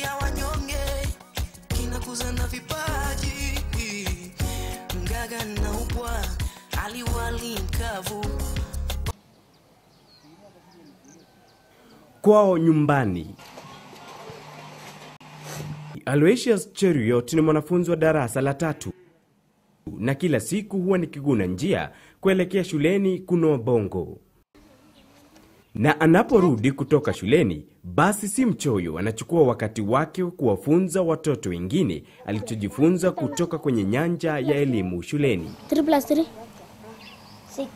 ya wanyonge vipaji na upwa aliwali mkavu kwao nyumbani. Aloysius Cheruiyot ni mwanafunzi wa darasa la tatu na kila siku huwa ni kiguna njia kuelekea shuleni kunoa bongo na anaporudi kutoka shuleni basi si mchoyo, anachukua wakati wake kuwafunza watoto wengine alichojifunza kutoka kwenye nyanja ya elimu shuleni. 3 3 6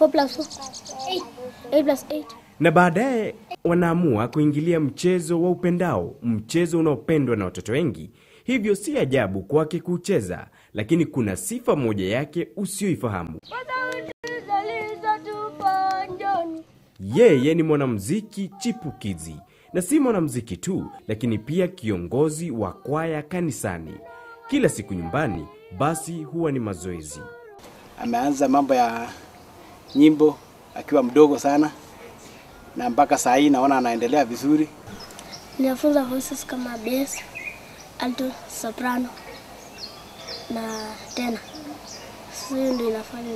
4 plus 4 8 8 na baadaye wanaamua kuingilia mchezo wa upendao, mchezo unaopendwa na watoto wengi. Hivyo si ajabu kwake kuucheza lakini kuna sifa moja yake usioifahamu. Yeye ni mwanamziki chipukizi na si mwanamziki tu, lakini pia kiongozi wa kwaya kanisani. Kila siku nyumbani basi huwa ni mazoezi. Ameanza mambo ya nyimbo akiwa mdogo sana, na mpaka saa hii naona anaendelea vizuri. nafunza voices kama bass, alto, soprano na tena hiyo ndio inafanya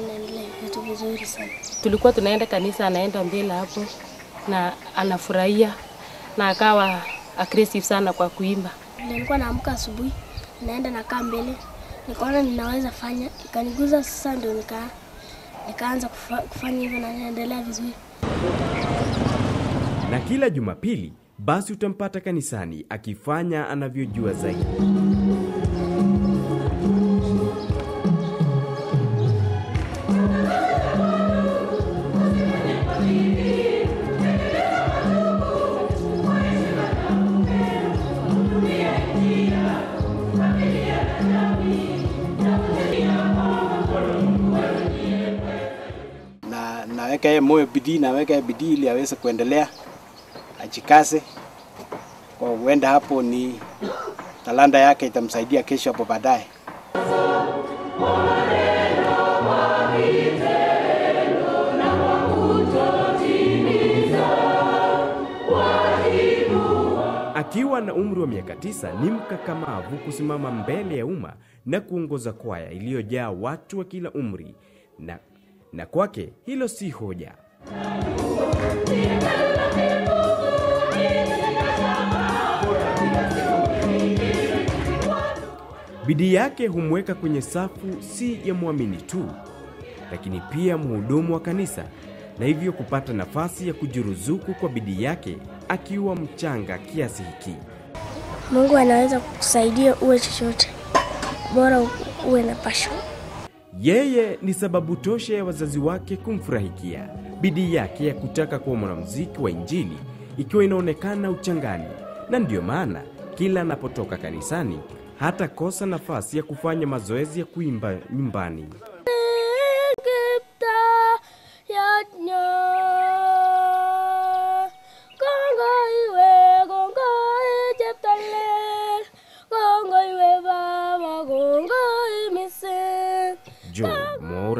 vitu vizuri sana. Tulikuwa tunaenda kanisa, anaenda mbele hapo na anafurahia na akawa aggressive sana kwa kuimba. Nilikuwa naamka asubuhi, naenda nakaa mbele, nikaona ninaweza fanya, ikaniguza sasa, ndio nika nikaanza kufa, kufanya hivyo na naendelea vizuri. Na kila Jumapili basi utampata kanisani akifanya anavyojua zaidi. naweka moyo bidii, na yeye bidii ili aweze kuendelea, ajikaze kwa huenda hapo ni talanta yake itamsaidia kesho hapo baadaye. Akiwa na umri wa miaka tisa ni mkakamavu kusimama mbele ya umma na kuongoza kwaya iliyojaa watu wa kila umri na na kwake hilo si hoja. Bidii yake humweka kwenye safu si ya mwamini tu, lakini pia mhudumu wa kanisa, na hivyo kupata nafasi ya kujuruzuku kwa bidii yake akiwa mchanga kiasi hiki. Mungu anaweza kukusaidia uwe chochote, bora uwe na passion. Yeye ni sababu tosha ya wazazi wake kumfurahikia. Bidii yake ya kutaka kuwa mwanamuziki wa Injili ikiwa inaonekana uchangani, na ndiyo maana kila anapotoka kanisani hata kosa nafasi ya kufanya mazoezi ya kuimba nyumbani.